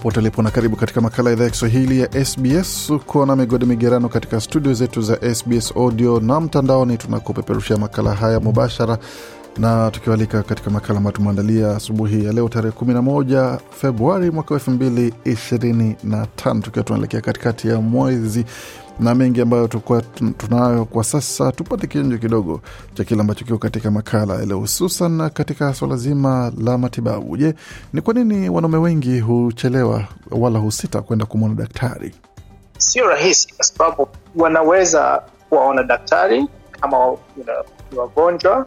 popote ulipo na karibu katika makala ya idhaa ya Kiswahili ya SBS. Uko na migodi migerano katika studio zetu za SBS audio na mtandaoni, tunakupeperushia makala haya mubashara na tukiwalika katika makala ambayo tumeandalia asubuhi ya leo tarehe 11 Februari mwaka 2025, tukiwa tunaelekea katikati ya mwezi na mengi ambayo tukua tunayo kwa sasa, tupate kionjo kidogo cha kile ambacho kiko katika makala yale, hususan katika swala zima la matibabu. Je, ni kwa nini wanaume wengi huchelewa wala husita kwenda kumwona daktari? Sio rahisi, kwa sababu wanaweza kuwaona daktari kama you know, wagonjwa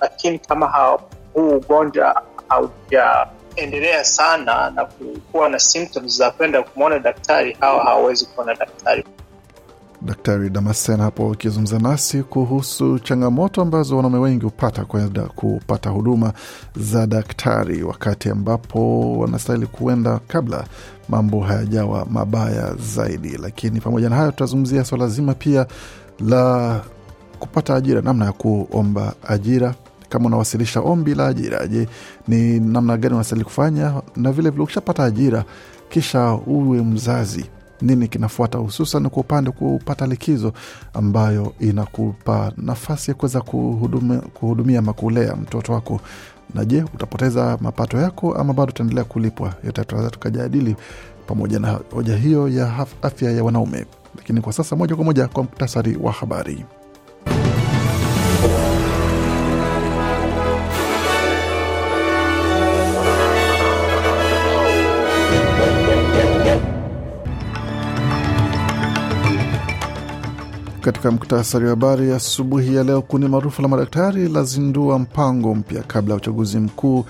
lakini kama huu ugonjwa haujaendelea sana na kuwa na symptoms za kwenda kumwona daktari, hawa hawawezi kuona daktari. Daktari Damasen hapo akizungumza nasi kuhusu changamoto ambazo wanaume wengi hupata kwenda kupata huduma za daktari, wakati ambapo wanastahili kuenda kabla mambo hayajawa mabaya zaidi. Lakini pamoja na hayo, tutazungumzia swala so zima pia la kupata ajira, namna ya kuomba ajira kama unawasilisha ombi la ajira, je, ni namna gani unastahili kufanya? Na vilevile ukishapata ajira, kisha uwe mzazi nini kinafuata, hususan kwa upande kupata likizo ambayo inakupa nafasi ya kuweza kuhudumia ama kulea mtoto wako. Na je, utapoteza mapato yako ama bado utaendelea kulipwa? Yote tunaweza tukajadili pamoja na hoja hiyo ya afya ya wanaume, lakini kwa sasa moja kwa moja kwa mktasari wa habari. Katika muktasari wa habari asubuhi ya, leo, kundi maarufu la madaktari lazindua mpango mpya kabla ya uchaguzi mkuu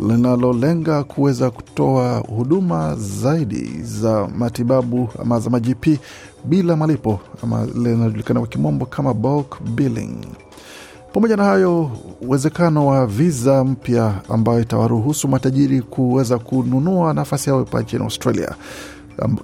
linalolenga kuweza kutoa huduma zaidi za matibabu ama za majp bila malipo ama linajulikana kwa kimombo kama bulk billing. Pamoja na hayo, uwezekano wa viza mpya ambayo itawaruhusu matajiri kuweza kununua nafasi yao pa nchini Australia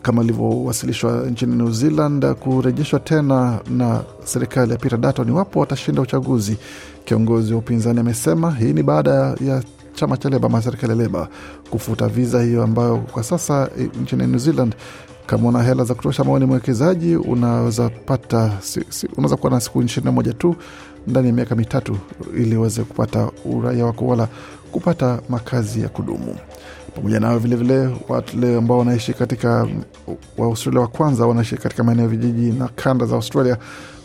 kama ilivyowasilishwa nchini New Zealand uh, kurejeshwa tena na serikali ya Peter Dutton iwapo watashinda uchaguzi. Kiongozi wa upinzani amesema hii ni baada ya chama cha Leba ama serikali ya Leba kufuta viza hiyo ambayo kwa sasa nchini New Zealand kama una hela za kutosha maoni mwekezaji unaweza pata si, si, unaweza kuwa na siku ishirini na moja tu ndani ya miaka mitatu ili uweze kupata uraia wako wala kupata makazi ya kudumu. Pamoja nayo vilevile wale ambao wanaishi katika Waaustralia wa kwanza wanaishi katika maeneo ya vijiji na kanda za Australia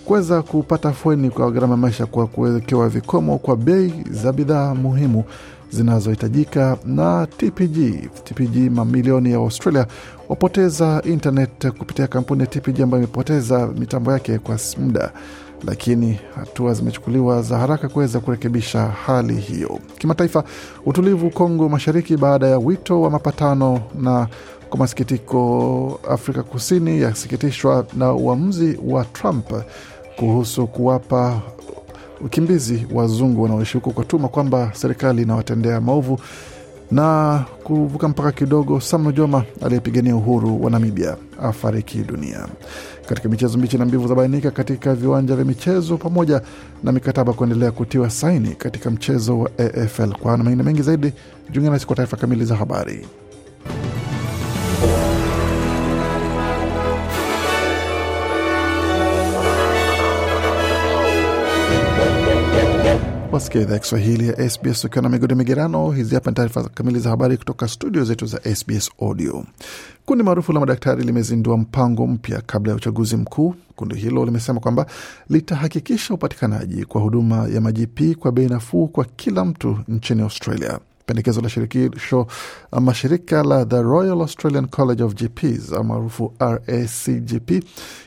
kuweza kupata fweni kwa gharama ya maisha kwa kuwekewa vikomo kwa bei za bidhaa muhimu zinazohitajika na TPG. TPG, mamilioni ya Australia wapoteza internet kupitia kampuni ya TPG ambayo imepoteza mitambo yake kwa muda lakini hatua zimechukuliwa za haraka kuweza kurekebisha hali hiyo. Kimataifa, utulivu Kongo Mashariki baada ya wito wa mapatano na kwa masikitiko, Afrika Kusini yasikitishwa na uamuzi wa Trump kuhusu kuwapa ukimbizi wazungu wanaoishi huko kwa tuma kwamba serikali inawatendea maovu na kuvuka mpaka kidogo, Sam Nujoma aliyepigania uhuru wa Namibia afariki dunia. Katika michezo, mbichi na mbivu zabainika katika viwanja vya michezo pamoja na mikataba kuendelea kutiwa saini katika mchezo wa AFL. Kwa mengine mengi zaidi, jiunge nasi kwa taarifa kamili za habari. Wasikia idhaa ya Kiswahili ya SBS ukiwa na migodi migerano. Hizi hapa ni taarifa kamili za habari kutoka studio zetu za SBS Audio. Kundi maarufu la madaktari limezindua mpango mpya kabla ya uchaguzi mkuu. Kundi hilo limesema kwamba litahakikisha upatikanaji kwa huduma ya majipi kwa bei nafuu kwa kila mtu nchini Australia. Pendekezo la shirikisho ama shirika la The Royal Australian College of GPs maarufu RACGP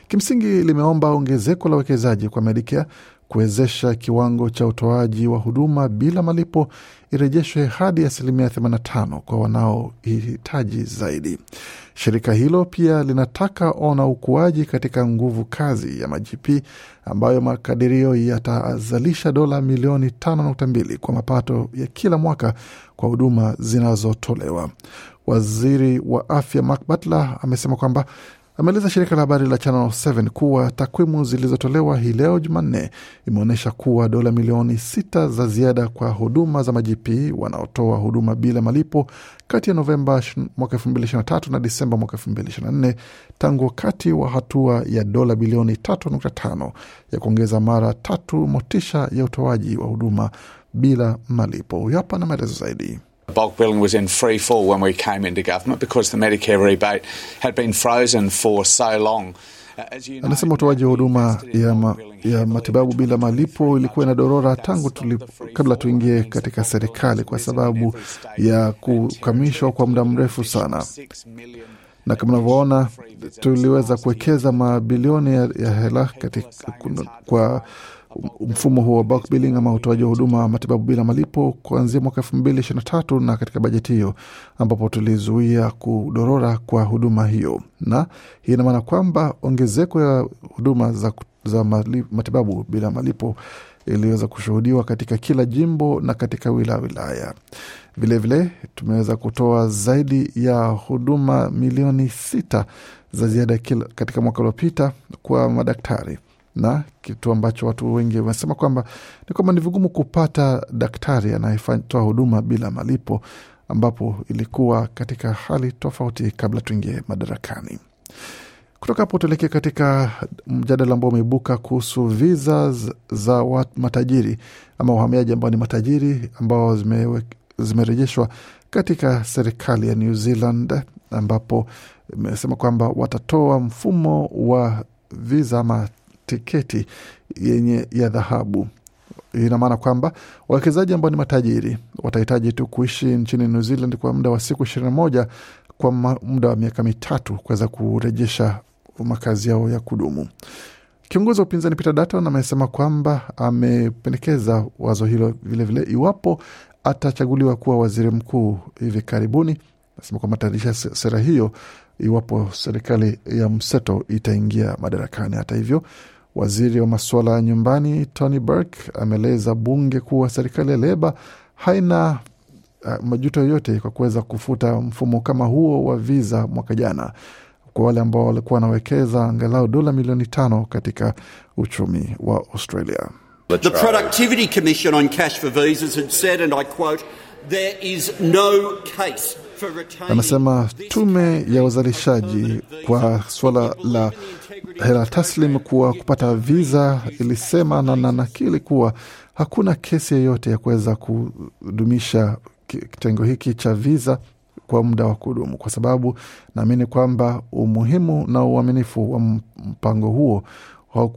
kimsingi limeomba ongezeko la uwekezaji kwa Medicare kuwezesha kiwango cha utoaji wa huduma bila malipo irejeshwe hadi asilimia 85 kwa wanaohitaji zaidi. Shirika hilo pia linataka ona ukuaji katika nguvu kazi ya majipi ambayo makadirio yatazalisha dola milioni 5.2 kwa mapato ya kila mwaka kwa huduma zinazotolewa. Waziri wa afya Mark Butler amesema kwamba ameeleza shirika la habari la Channel 7 kuwa takwimu zilizotolewa hii leo Jumanne imeonyesha kuwa dola milioni sita za ziada kwa huduma za majipi wanaotoa huduma bila malipo kati ya Novemba mwaka 2023 na Disemba mwaka 2024 tangu wakati wa hatua ya dola bilioni 3.5 ya kuongeza mara tatu motisha ya utoaji wa huduma bila malipo. Huyo hapa na maelezo zaidi bulk billing was in free fall when we came into government because the Medicare rebate had been frozen for so long. Uh, Anasema utoaji wa huduma ya, ma, ya matibabu bila malipo ilikuwa inadorora tangu tulip, kabla tuingie katika serikali kwa sababu ya kukamishwa kwa muda mrefu sana, na kama unavyoona tuliweza kuwekeza mabilioni ya, ya hela katika, kwa, kwa mfumo huo wa bulk billing ama utoaji wa huduma wa matibabu bila malipo kuanzia mwaka elfu mbili ishirini na tatu na katika bajeti hiyo ambapo tulizuia kudorora kwa huduma hiyo, na hii ina maana kwamba ongezeko ya huduma za, za mali, matibabu bila malipo iliweza kushuhudiwa katika kila jimbo na katika wilaya wilaya. Vilevile tumeweza kutoa zaidi ya huduma milioni sita za ziada katika mwaka uliopita kwa madaktari na kitu ambacho watu wengi wamesema kwamba ni kwamba ni vigumu kupata daktari anayetoa huduma bila malipo, ambapo ilikuwa katika hali tofauti kabla tuingie madarakani. Kutoka hapo tuelekee katika mjadala ambao umeibuka kuhusu viza za matajiri ama wahamiaji ambao ni matajiri ambao zimerejeshwa katika serikali ya New Zealand, ambapo imesema kwamba watatoa mfumo wa viza ama tiketi yenye ya dhahabu. Ina maana kwamba wawekezaji ambao ni matajiri watahitaji tu kuishi nchini New Zealand kwa muda wa siku ishirini na moja kwa muda wa miaka mitatu kuweza kurejesha makazi yao ya kudumu. Kiongozi wa upinzani Peter Dutton amesema kwamba amependekeza wazo hilo vilevile vile, iwapo atachaguliwa kuwa waziri mkuu hivi karibuni. Anasema kwamba ataarisha sera hiyo iwapo serikali ya mseto itaingia madarakani. Hata hivyo Waziri wa masuala ya nyumbani Tony Burke ameeleza bunge kuwa serikali ya Leba haina uh, majuto yoyote kwa kuweza kufuta mfumo kama huo wa viza mwaka jana kwa wale ambao walikuwa wanawekeza angalau dola milioni tano katika uchumi wa Australia. The Productivity Commission on Cash for Visas had said and I quote, there is no case Anasema tume ya uzalishaji kwa suala la hela taslim kuwa kupata viza ilisema na nanakili kuwa hakuna kesi yeyote ya kuweza kudumisha kitengo hiki cha viza kwa muda wa kudumu, kwa sababu naamini kwamba umuhimu na uaminifu wa mpango huo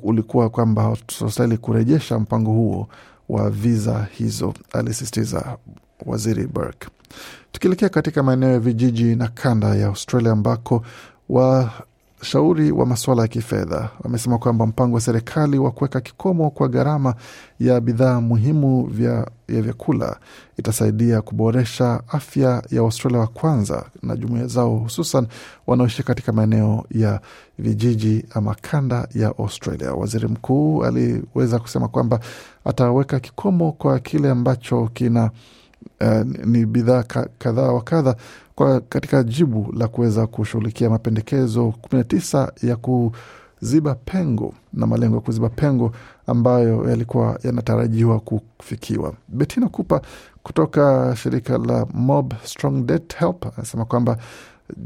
ulikuwa kwamba tutastahili kurejesha mpango huo wa viza hizo, alisisitiza waziri Burke. Tukielekea katika maeneo ya vijiji na kanda ya Australia ambako wa shauri wa masuala ya kifedha wamesema kwamba mpango wa serikali wa kuweka kikomo kwa gharama ya bidhaa muhimu vya, ya vyakula itasaidia kuboresha afya ya Waustralia wa kwanza na jumuia zao, hususan wanaoishi katika maeneo ya vijiji ama kanda ya Australia. Waziri mkuu aliweza kusema kwamba ataweka kikomo kwa kile ambacho kina uh, ni bidhaa kadhaa wa kadha kwa katika jibu la kuweza kushughulikia mapendekezo 19 ya kuziba pengo na malengo ya kuziba pengo ambayo yalikuwa yanatarajiwa kufikiwa. Betina Kupa kutoka shirika la Mob Strong Debt Help anasema kwamba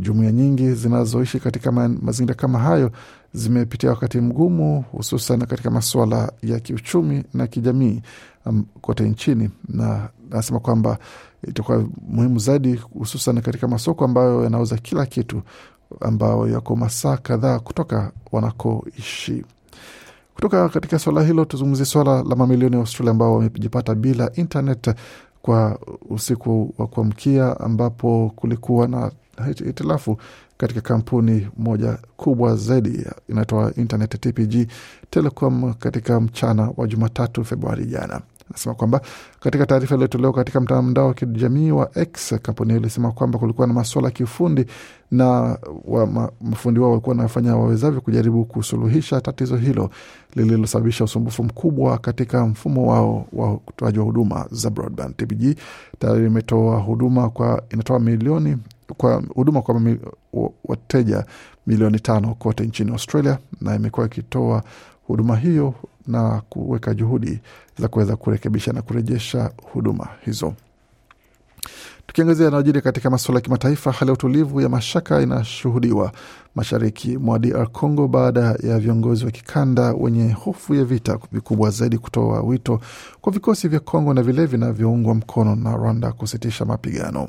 jumuia nyingi zinazoishi katika mazingira kama hayo zimepitia wakati mgumu, hususan katika masuala ya kiuchumi na kijamii um, kote nchini, na anasema kwamba itakuwa muhimu zaidi, hususan katika masoko ambayo yanauza kila kitu, ambayo yako masaa kadhaa kutoka wanakoishi. Kutoka katika swala hilo, tuzungumzie swala la mamilioni ya Australia ambao wamejipata bila internet kwa usiku wa kuamkia ambapo kulikuwa na hitilafu katika kampuni moja kubwa zaidi inayotoa internet TPG Telecom katika mchana wa Jumatatu Februari jana. Anasema kwamba katika taarifa iliyotolewa katika mtandao wa kijamii wa X, kampuni hiyo ilisema kwamba kulikuwa na maswala ya kiufundi na mafundi wao walikuwa wanafanya wawezavyo kujaribu kusuluhisha tatizo hilo lililosababisha usumbufu mkubwa katika mfumo wao wa utoaji wa huduma za broadband. TPG tayari imetoa huduma kwa inatoa milioni kwa huduma kwa wateja milioni tano kote nchini Australia, na imekuwa ikitoa huduma hiyo na kuweka juhudi za kuweza kurekebisha na kurejesha huduma hizo. Tukiangazia yanayojiri katika masuala ya kimataifa, hali ya utulivu ya mashaka inashuhudiwa mashariki mwa DR Congo baada ya viongozi wa kikanda wenye hofu ya vita vikubwa zaidi kutoa wito kwa vikosi vya Congo na vile vinavyoungwa mkono na Rwanda kusitisha mapigano.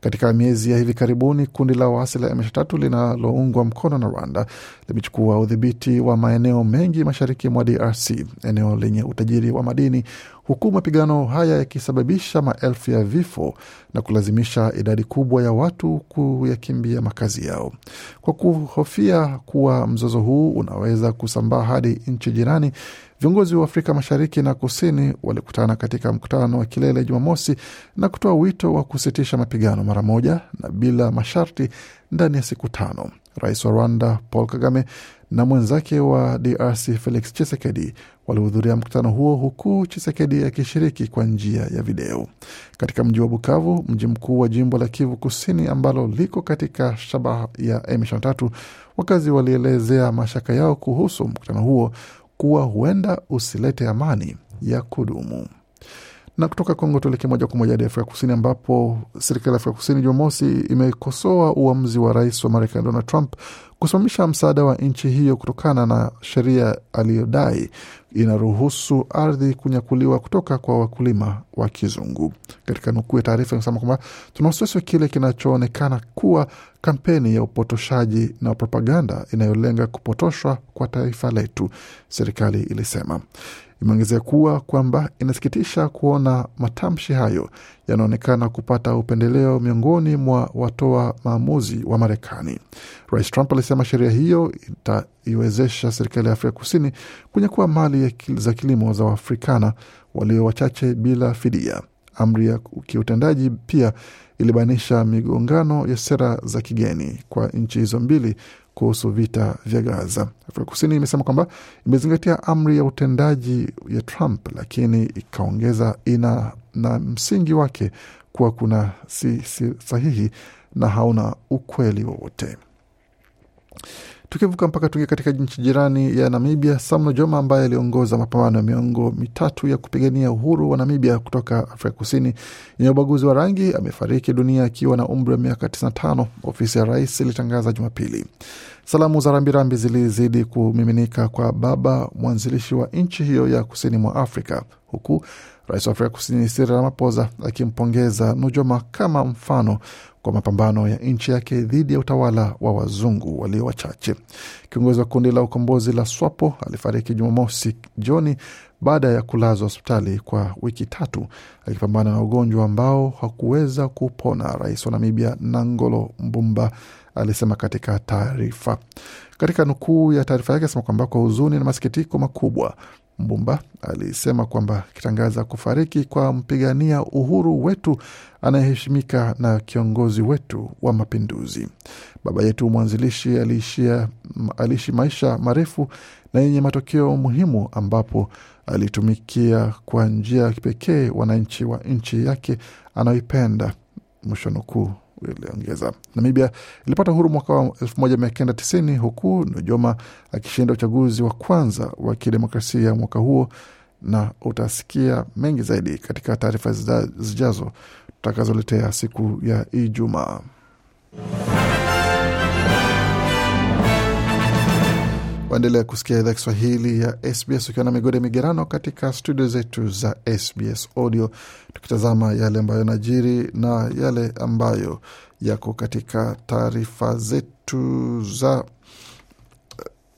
Katika miezi ya hivi karibuni, kundi la waasi la M23 linaloungwa mkono na Rwanda limechukua udhibiti wa maeneo mengi mashariki mwa DRC, eneo lenye utajiri wa madini, huku mapigano haya yakisababisha maelfu ya vifo na kulazimisha idadi kubwa ya watu kuyakimbia makazi yao kwa kuhofia kuwa mzozo huu unaweza kusambaa hadi nchi jirani. Viongozi wa Afrika Mashariki na Kusini walikutana katika mkutano wa kilele Jumamosi na kutoa wito wa kusitisha mapigano mara moja na bila masharti ndani ya siku tano. Rais wa Rwanda Paul Kagame na mwenzake wa DRC Felix Chisekedi walihudhuria mkutano huo huku Chisekedi akishiriki kwa njia ya video katika mji wa Bukavu, mji mkuu wa jimbo la Kivu Kusini ambalo liko katika shabaha ya M23. Wakazi walielezea mashaka yao kuhusu mkutano huo kuwa huenda usilete amani ya kudumu. Na kutoka Kongo tuelekee moja kwa moja hadi Afrika Kusini, ambapo serikali ya Afrika Kusini Jumamosi imekosoa uamuzi wa rais wa Marekani Donald Trump kusimamisha msaada wa nchi hiyo kutokana na sheria aliyodai inaruhusu ardhi kunyakuliwa kutoka kwa wakulima wa kizungu. Katika nukuu ya taarifa inasema kwamba tuna wasiwasi wa kile kinachoonekana kuwa kampeni ya upotoshaji na propaganda inayolenga kupotoshwa kwa taifa letu, serikali ilisema. Imeongezea kuwa kwamba inasikitisha kuona matamshi hayo yanaonekana kupata upendeleo miongoni mwa watoa maamuzi wa Marekani. Rais Trump alisema sheria hiyo itaiwezesha serikali ya Afrika Kusini kunyakua mali za kilimo za Waafrikana walio wachache bila fidia. Amri ya kiutendaji pia ilibainisha migongano ya sera za kigeni kwa nchi hizo mbili kuhusu vita vya Gaza. Afrika Kusini imesema kwamba imezingatia amri ya utendaji ya Trump, lakini ikaongeza ina na msingi wake kuwa kuna si, si sahihi na hauna ukweli wowote. Tukivuka mpaka tuingia katika nchi jirani ya Namibia, Sam Joma ambaye aliongoza mapambano ya miongo mitatu ya kupigania uhuru wa Namibia kutoka Afrika Kusini yenye ubaguzi wa rangi amefariki dunia akiwa na umri wa miaka 95, ofisi ya rais ilitangaza Jumapili. Salamu za rambirambi zilizidi kumiminika kwa baba mwanzilishi wa nchi hiyo ya kusini mwa Afrika, huku Rais wa Afrika Kusini Cyril Ramaphosa akimpongeza Nujoma kama mfano kwa mapambano ya nchi yake dhidi ya utawala wa wazungu walio wachache. Kiongozi wa kundi la ukombozi la SWAPO alifariki Jumamosi jioni baada ya kulazwa hospitali kwa wiki tatu akipambana na ugonjwa ambao hakuweza kupona. Rais wa Namibia Nangolo Mbumba alisema katika taarifa. Katika nukuu ya taarifa yake asema kwamba kwa huzuni na masikitiko makubwa Mbumba alisema kwamba akitangaza kufariki kwa mpigania uhuru wetu anayeheshimika na kiongozi wetu wa mapinduzi. Baba yetu mwanzilishi aliishi maisha marefu na yenye matokeo muhimu, ambapo alitumikia kwa njia ya kipekee wananchi wa nchi yake anayoipenda. Mwisho nukuu iliongeza. Namibia ilipata uhuru mwaka wa tisini huku Nujoma akishinda uchaguzi wa kwanza wa kidemokrasia mwaka huo, na utasikia mengi zaidi katika taarifa zijazo tutakazoletea siku ya Ijumaa. Waendelea kusikia idhaa Kiswahili ya SBS ukiwa na migode migerano katika studio zetu za SBS Audio, tukitazama yale ambayo yanajiri na yale ambayo yako katika taarifa zetu za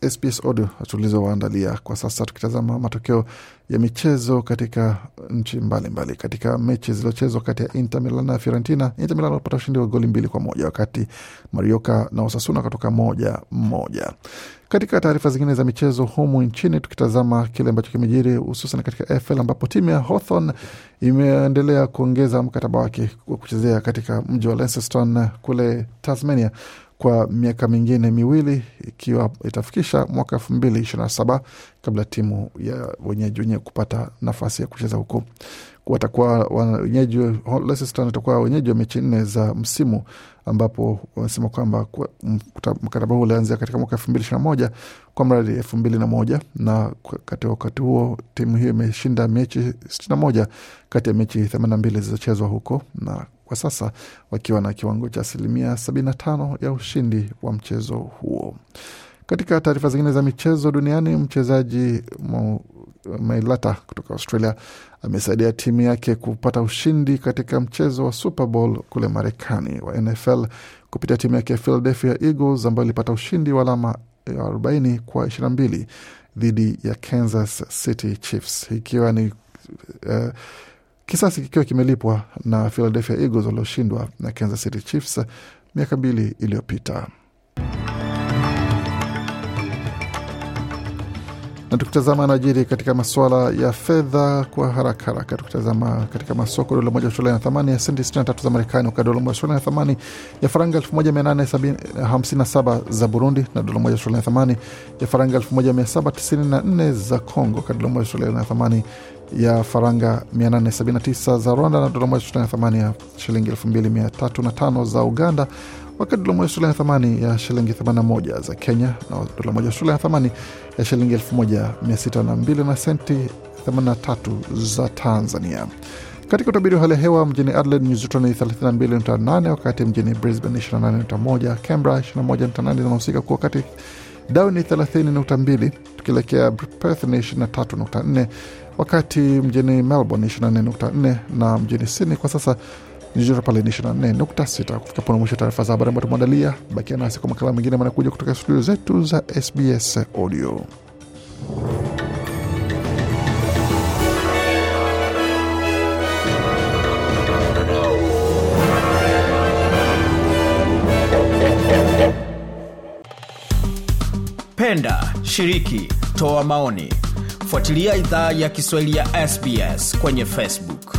eh, SBS Audio tulizowaandalia kwa sasa, tukitazama matokeo ya michezo katika nchi mbalimbali mbali. Katika mechi zilizochezwa kati ya Inter Milan na Fiorentina, Inter Milan walipata ushindi wa goli mbili kwa moja wakati Marioka na Osasuna katoka moja moja. Katika taarifa zingine za michezo humu nchini, tukitazama kile ambacho kimejiri hususan katika FL ambapo timu ya Hawthorn imeendelea kuongeza mkataba wake wa kuchezea katika mji wa Launceston kule Tasmania kwa miaka mingine miwili ikiwa itafikisha mwaka elfu mbili ishirini na saba kabla timu ya wenyeji wenyewe kupata nafasi ya kucheza huko watakuwa wenyeji, Leicester watakuwa wenyeji wa mechi nne za msimu, ambapo wamesema kwamba mkataba huu ulianzia katika mwaka elfu mbili ishirini na moja kwa mradi elfu mbili na moja na katika wakati huo timu hiyo imeshinda mechi sitini na moja kati ya mechi themanini na mbili zilizochezwa huko na kwa sasa wakiwa na kiwango cha asilimia tano ya ushindi wa mchezo huo. Katika taarifa zingine za michezo duniani, mchezaji Mailata kutoka Australia amesaidia timu yake kupata ushindi katika mchezo wa Super Bowl kule Marekani wa NFL kupitia timu yake ya Philadelphia Eagles ambayo ilipata ushindi wa alama 40 kwa 22 dhidi ya Kansas City Chiefs ikiwa ni uh, kisasi kikiwa kimelipwa na Philadelphia Eagles walioshindwa na Kansas City Chiefs miaka mbili iliyopita. Na tukitazama najiri katika masuala ya fedha kwa haraka haraka, tukitazama katika masoko, dola moja Australia na thamani ya senti 63 za Marekani, wakati dola moja Australia na thamani ya faranga 1857 za Burundi, na dola moja Australia na thamani ya faranga 1794 za Congo, wakati dola moja Australia na thamani ya faranga 879 za Rwanda, na dola moja Australia na thamani ya shilingi 2305 za Uganda wakati dola moja Australia na thamani ya shilingi 81 za Kenya na dola moja Australia na thamani ya shilingi 1602 na senti 83 za Tanzania. Katika utabiri wa hali ya hewa mjini Adelaide nyuzi joto ni 32.8, wakati mjini Brisbane 28.1, Canberra 21.8 zinahusika kuwa wakati Darwin ni 30.2, tukielekea Perth ni 23.4, wakati mjini Melbourne 24.4 na mjini Sydney kwa sasa joto pale ni 24.6. Kufika pona mwisho taarifa za habari ambayo tumeandalia. Bakia nasi kwa makala mengine manakuja kutoka studio zetu za SBS Audio. Penda, shiriki, toa maoni, fuatilia idhaa ya Kiswahili ya SBS kwenye Facebook.